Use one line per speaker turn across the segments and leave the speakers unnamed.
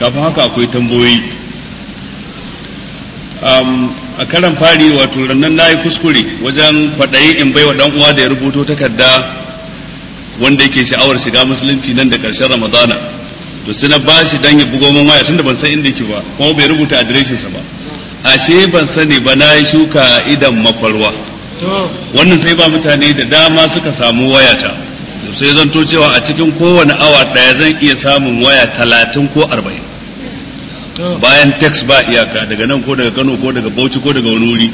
kafin haka akwai tambayoyi um, a karan fari wato rannan na yi kuskure wajen kwaɗayi in baiwa ɗan uwa da ya rubuto takarda wanda yake sha'awar shiga musulunci nan da ƙarshen ramadana to sai ba shi dan ya bugo wani waya tunda ban san inda yake ba kuma bai rubuta sa ba ashe ban sani ba na yi shuka idan makwarwa wannan sai ba mutane da dama suka samu wayata sai zan to cewa a cikin kowane awa ɗaya zan iya samun waya talatin ko arba'in bayan tax ba iyaka daga nan ko daga Kano ko daga Bauchi ko daga wani wuri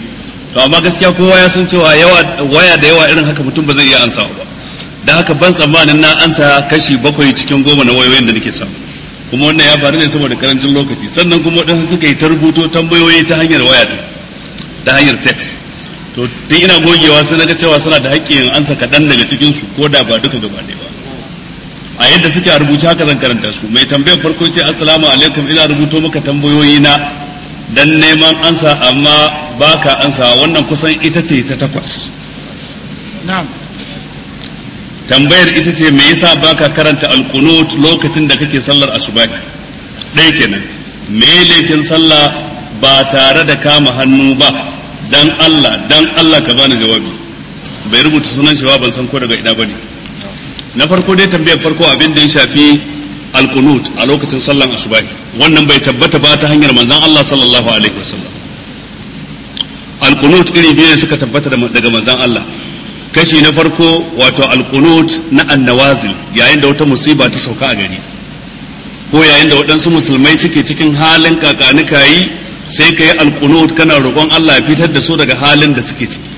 to amma gaskiya kowa ya san cewa yawa waya da yawa irin haka mutum ba zai iya ansa ba dan haka ban tsammanin na ansa kashi bakwai cikin goma na wayoyin da nake samu kuma wannan ya faru ne saboda karancin lokaci sannan kuma wadansu suka yi ta rubuto tambayoyi ta hanyar waya din ta hanyar text to tun ina gogewa sai naga cewa suna da haƙƙin ansa kaɗan daga cikin su ko da ba duka gaba ɗaya ba a yadda suke a rubuce haka zan karanta su mai tambayar farko ce assalamu alaikum ina rubuto maka tambayoyi na dan neman ansa amma baka ansa wannan kusan ita ce ta takwas tambayar ita ce me yasa baka karanta alqunut lokacin da kake sallar asuba dai kenan me laifin sallah ba tare da kama hannu ba dan Allah dan Allah ka bani jawabi bai rubuta sunan shi ba ban san ko daga ina bane na farko dai tambayar farko abin da ya shafi alkunut a lokacin sallan asubahi wannan bai tabbata ba ta hanyar manzon Allah sallallahu alaihi wasallam alkunut iri biyu ne suka tabbata daga manzon Allah kashi na farko wato alkunut na annawazil yayin da wata musiba ta sauka a gari ko yayin da waɗansu musulmai suke cikin halin kakanuka yi, sai ka yi alkunut kana roƙon Allah ya fitar da su daga halin da suke ciki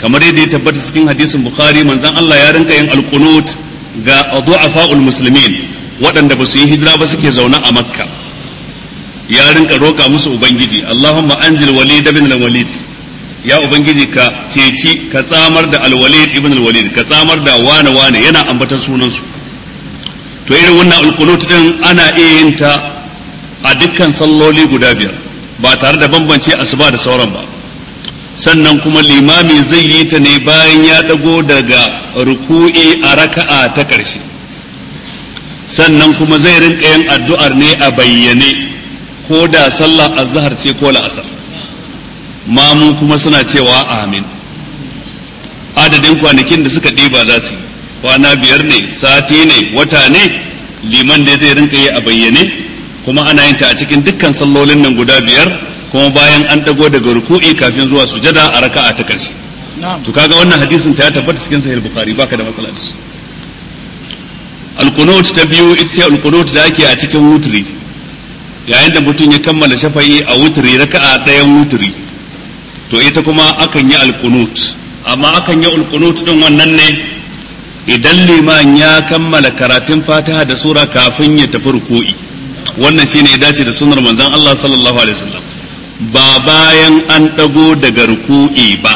kamar yadda ya tabbata cikin hadisin bukhari manzon Allah ya rinka yin alkunut ga du'afa'ul muslimin waɗanda ba su yi hijira ba suke zaune a makka ya rinka roƙa musu ubangiji allahumma anjil walid ibn al-walid ya ubangiji ka ceci ka tsamar da al-walid ibn al-walid ka tsamar da wane wane yana ambatar sunan su to irin wannan al-qunut din ana iya yin ta a dukkan salloli guda biyar ba tare da bambance asuba da sauran ba sannan kuma limami zai yi ta ne bayan ya ɗago daga ruku'i a raka'a ta ƙarshe sannan kuma zai rinka yin addu'ar ne a bayyane ko da sallah azhar ce ko la'asar mamu kuma suna cewa amin adadin kwanakin da suka ɗiba za su yi kwana biyar ne sati ne wata ne liman da zai rinka yi a bayyane kuma ana yin ta a cikin dukkan sallolin nan guda biyar kuma bayan an dago daga ruku'i kafin zuwa sujada a raka'a ta karshe to kaga wannan hadisin ta tabbata cikin sahih bukhari baka da matsala dashi al-qunut ta biyu ita ce al-qunut da ake a cikin wutri yayin da mutum ya kammala shafa'i a wutri raka'a ɗayan wutri to ita kuma akan yi al al-qunut amma akan yi al al-qunut din wannan ne idan liman ya kammala karatun fatiha da sura kafin ya tafi ruku'i wannan shine ya dace da sunnar manzon Allah sallallahu alaihi wasallam ba bayan an dago daga ruku'i ba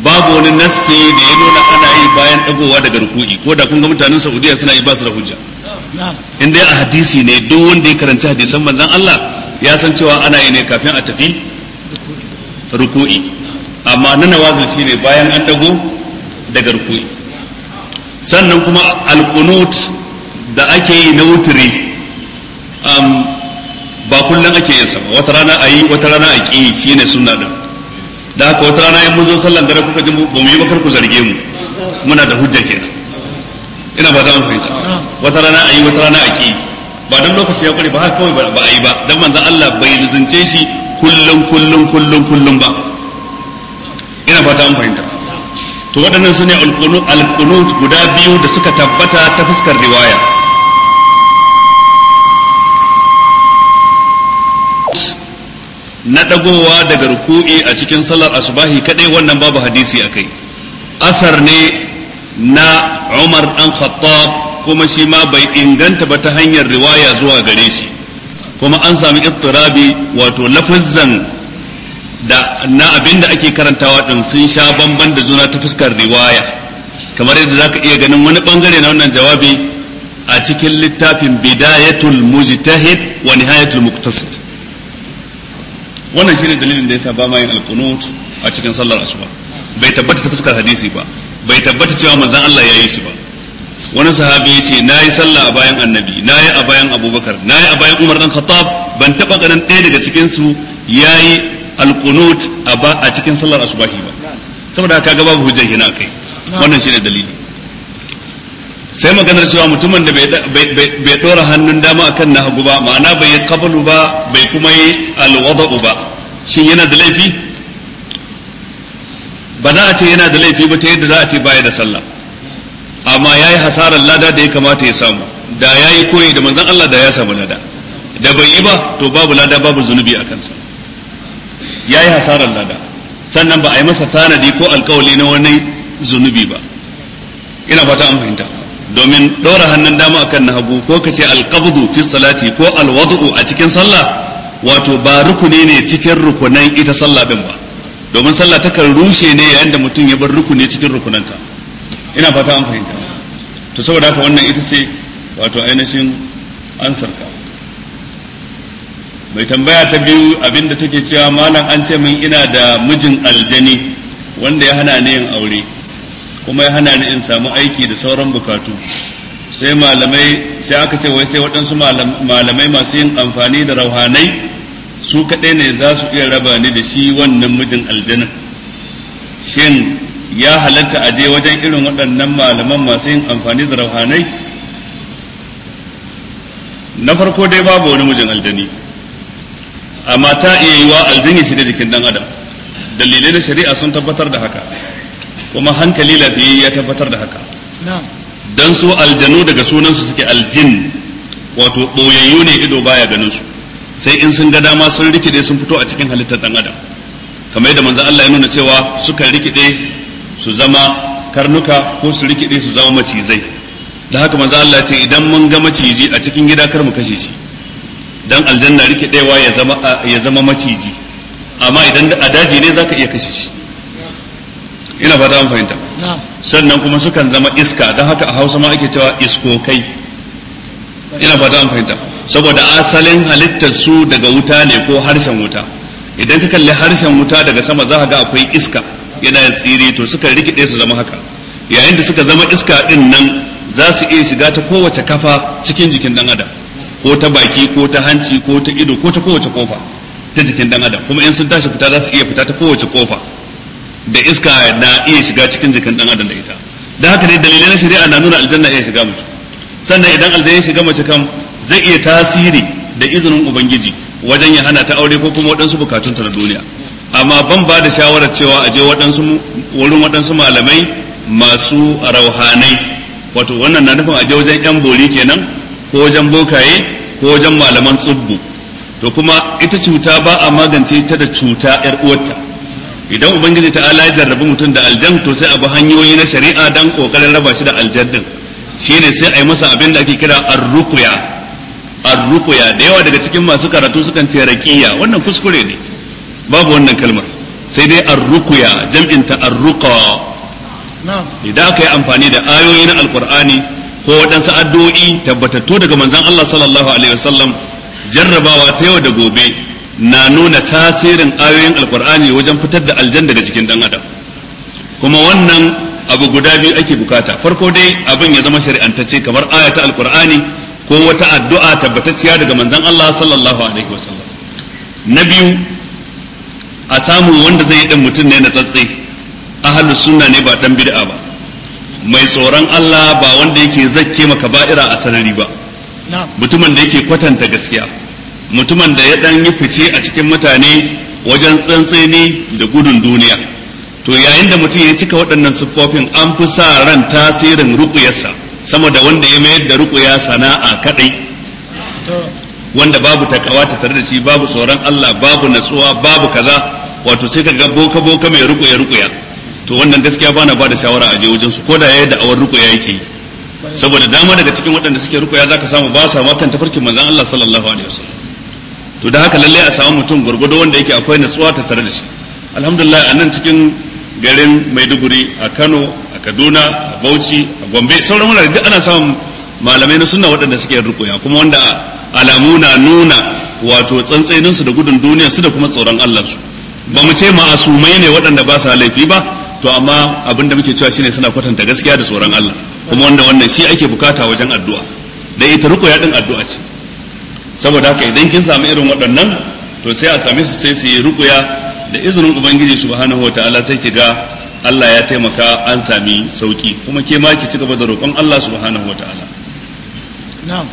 babu wani nassi da ya nuna ana yi bayan dagowa daga ruku'i ko da kun ga mutanen Saudiya suna yi ba su da hujja in dai a hadisi ne duk wanda ya karanci hadisan manzon Allah ya san cewa ana yi ne kafin a tafi ruku'i amma na shi shine bayan an dago daga ruku'i sannan kuma alkunut da ake yi na wutri Um, ba kullum ake yin sa ba wata rana a yi wata rana a ƙi shi ne suna da da haka wata rana yin mun zo sallan dare kuka ji ba mu yi bakar ku zarge mu muna da hujja kenan ina ba ta fahimta wata rana a yi wata rana a ƙi ba don lokaci ya kware ba haka kawai ba a yi ba don manzon Allah bai lizince shi kullum kullum kullum kullum ba ina fata an fahimta to waɗannan su ne alƙunut guda biyu da suka tabbata ta fuskar riwaya na ɗagowa daga ruku'i a cikin sallar asubahi kaɗai wannan babu hadisi a kai. asar ne na Umar dan Khattab kuma shi ma bai inganta ba ta hanyar riwaya zuwa gare shi kuma an sami ittirabi wato lafazan da na abinda ake karantawa din sun sha bamban da juna ta fuskar riwaya kamar yadda zaka iya ganin wani bangare na wannan jawabi a cikin littafin bidayatul mujtahid wa nihayatul muqtasid wannan shine dalilin da yasa ba ma yin alqunut a cikin sallar asuba bai tabbata ta fuskar hadisi ba bai tabbata cewa manzon Allah ya yi shi ba wani sahabi ya ce na yi sallah a bayan annabi na yi a bayan abubakar na yi a bayan umar dan khattab ban taɓa ganin ɗaya daga cikinsu ya yi alkunut a cikin sallar asubahi ba saboda haka ga babu hujjar hina kai wannan shine dalili sai maganar cewa mutumin da bai dora hannun dama akan na hagu ba ma'ana bai yi kabalu ba bai kuma yi alwada'u ba shi yana da laifi ba za a ce yana da laifi ba ta yadda za a ce baya da sallah amma ya yi hasarar lada da ya kamata ya samu da ya yi koyi da manzan Allah da ya samu lada da bai yi ba to babu lada babu zunubi a kansa ya yi hasarar lada sannan ba a yi masa tanadi ko alkawali na wani zunubi ba ina fata an fahimta domin ɗora hannun dama akan na hagu ko kace alƙabdu fi salati ko alwad'u a cikin sallah wato ba rukuni ne cikin rukunan ita sallah din ba domin sallah takan rushe ne yayin da mutum ya bar rukuni cikin rukunanta ina fata an fahimta to saboda haka wannan ita ce wato ainihin ansarka mai tambaya ta biyu abinda take cewa malam an ce min ina da mijin aljani wanda ya hana ni yin aure kuma ya hana ni in samu aiki da sauran bukatu sai malamai sai aka ce wai sai waɗansu malamai masu yin amfani da rauhanai su kaɗai ne za su iya raba ni da shi wannan mijin aljanin shin ya halatta a je wajen irin waɗannan malaman masu yin amfani da rauhanai na farko dai babu wani mijin aljani amma ta iya yiwa aljin ya shiga jikin ɗan adam dalilai na shari'a sun tabbatar da haka kuma hankali lafiyayye ya tabbatar da haka dan su aljanu daga sunansu suke aljin wato boyayyu ne ido baya ganin su sai in sun ga dama sun rikide sun fito a cikin halittar dan adam kamar yadda manzo Allah ya nuna cewa sukan rikide su zama karnuka ko su rikide su zama macizai da haka manzo Allah ya ce idan mun ga maciji a cikin gida kar mu kashe shi dan aljanna rikidewa ya zama ya zama maciji amma idan a daji ne zaka iya kashe shi ina fata an fahimta sannan kuma sukan zama iska don haka a hausa ma ake cewa iskokai ina fata an fahimta saboda asalin halittar su daga wuta ne ko harshen wuta idan ka kalli harshen wuta daga sama za ka ga akwai iska yana tsiri to suka rikide su zama haka yayin da suka zama iska din nan za su iya shiga ta kowace kafa cikin jikin dan adam ko ta baki ko ta hanci ko ta ido ko ta kowace kofa ta jikin dan adam kuma in sun tashi fita za su iya fita ta kowace kofa da iska na iya shiga cikin jikin dan adam da ita da haka ne dalilai na shari'a na nuna aljanna iya shiga mutum sannan idan aljanna ya shiga mace kam zai iya tasiri da izinin ubangiji wajen ya hana ta aure ko kuma waɗansu ta na duniya amma ban ba da shawarar cewa a je waɗansu wurin waɗansu malamai masu rauhanai wato wannan na nufin a je wajen yan bori kenan ko wajen bokaye ko wajen malaman tsubbu to kuma ita cuta ba a magance ta da cuta yar uwarta idan ubangiji ta ala jarrabi mutum da aljan to sai a bi hanyoyi na shari'a dan kokarin raba shi da aljan din shine sai a yi masa abin da ake kira arukuya arruqya da yawa daga cikin masu karatu sukan ce raqiya wannan kuskure ne babu wannan kalmar sai dai arrukuya jam'in ta arruqa idan aka yi amfani da ayoyi na alqur'ani ko waɗansu addu'o'i tabbatattu daga manzon Allah sallallahu alaihi wasallam jarrabawa ta yau da gobe na nuna tasirin ayoyin alkur'ani wajen fitar da aljan daga cikin dan adam kuma wannan abu guda biyu ake bukata farko dai abin ya zama shari'antacce kamar ayata alkur'ani ko wata addu'a tabbatacciya daga manzon Allah sallallahu alaihi wasallam na biyu a samu wanda zai yi dan mutum ne na tsatsi ahlus sunna ne ba dan bid'a ba mai tsoron Allah ba wanda yake zakke maka ba'ira a sanari ba mutumin da yake kwatanta gaskiya mutumin da ya dan yi fice a cikin mutane wajen tsantseni da gudun duniya to yayin da mutum ya cika waɗannan siffofin an fi sa ran tasirin rukuyarsa sama da wanda ya mayar da rukuya sana'a kaɗai wanda babu takawa ta tare da shi babu tsoron Allah babu natsuwa babu kaza wato sai ka boka boka mai rukuya rukuya to wannan gaskiya bana bada shawara a wajen su ko da yayin da awar rukuya yake yi saboda dama daga cikin waɗanda suke rukuya zaka samu ba sa ma kan tafarkin manzon Allah sallallahu alaihi wasallam to da haka lalle a samu mutum gurgudo wanda yake akwai natsuwa ta tare da shi alhamdulillah a nan cikin garin maiduguri a kano a kaduna a bauchi a gombe sauran wurare duk ana samun malamai na sunna waɗanda suke rukuya kuma wanda alamu na nuna wato tsantsaninsu da gudun duniya su da kuma tsoron allah su ba mu ce ma ma'asumai ne waɗanda ba sa laifi ba to amma abin da muke cewa shine suna kwatanta gaskiya da tsoron allah kuma wanda wannan shi ake bukata wajen addu'a da ita rukuya din addu'a ce saboda haka idan kin sami irin waɗannan to sai a same su sai su yi rukuya da izinin ubangiji subhanahu wataala sai ki ga Allah ya taimaka an sami sauki kuma ke ma ki ci gaba da roƙon Allah subhanahu wataala na'am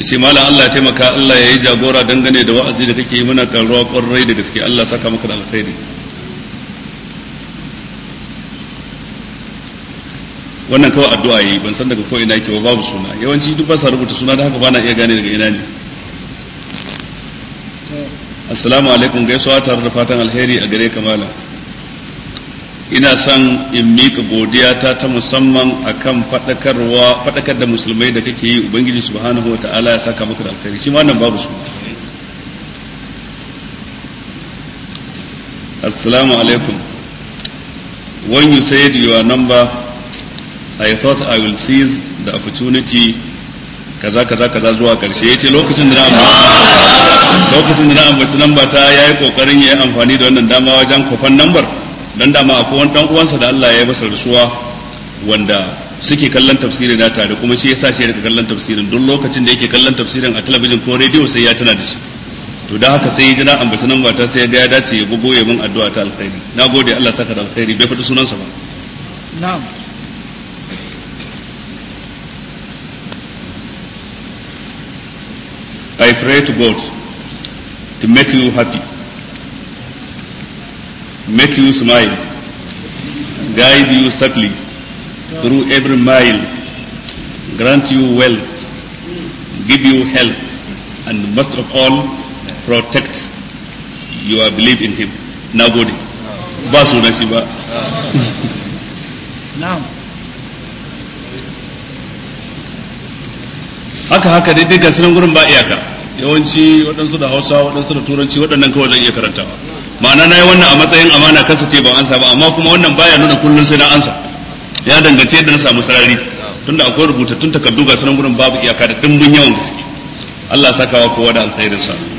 yace malam Allah ya taimaka Allah ya yi jagora dangane da wa'azi da kake yi muna karuwa ƙwarai da gaske Allah saka maka da alkhairi wannan kawai addu'a yi ban san daga ko ina yake ba babu suna yawanci duk ba sa rubuta suna da haka ba na iya gane daga ina ne assalamu alaikum gaisuwa tare da fatan alheri a gare kamala ina son in mika godiya ta ta musamman akan faɗakarwa faɗakar da musulmai da kake yi ubangiji subhanahu wata'ala ya saka maka da alkhairi shi ma nan babu su assalamu alaikum when you said your number I thought I will seize the opportunity kaza kaza kaza zuwa karshe ce lokacin da na lokacin da na ambaci namba ta yi kokarin yayi amfani da wannan dama wajen kofan number don dama akwai wani dan uwansa da Allah ya yi masa rasuwa wanda suke kallon tafsirin na tare kuma shi yasa shi daga kallon tafsirin duk lokacin da yake kallon tafsirin a talabijin ko rediyo sai ya tana da shi to da haka sai ya ji na ambaci namba ta sai ya dace ya bugo ya min addu'a ta alkhairi na gode Allah saka da alkhairi bai faɗi sunansa ba na'am I pray to God to make you happy, make you smile, guide you safely through every mile, grant you wealth, give you health, and most of all, protect your belief in Him. Na gode, basu haka haka dai ga sunan gurin ba iyaka yawanci waɗansu da hausa waɗansu da turanci waɗannan kawai zan iya karantawa ma'ana na yi wannan a matsayin amana kasa ce ban ansa ba amma kuma wannan baya nuna kullum sai na ansa ya dangance yadda na samu sarari tunda akwai rubutattun takardu ga sunan gurin babu iyaka da dimbin yawan gaske Allah sakawa kowa da sa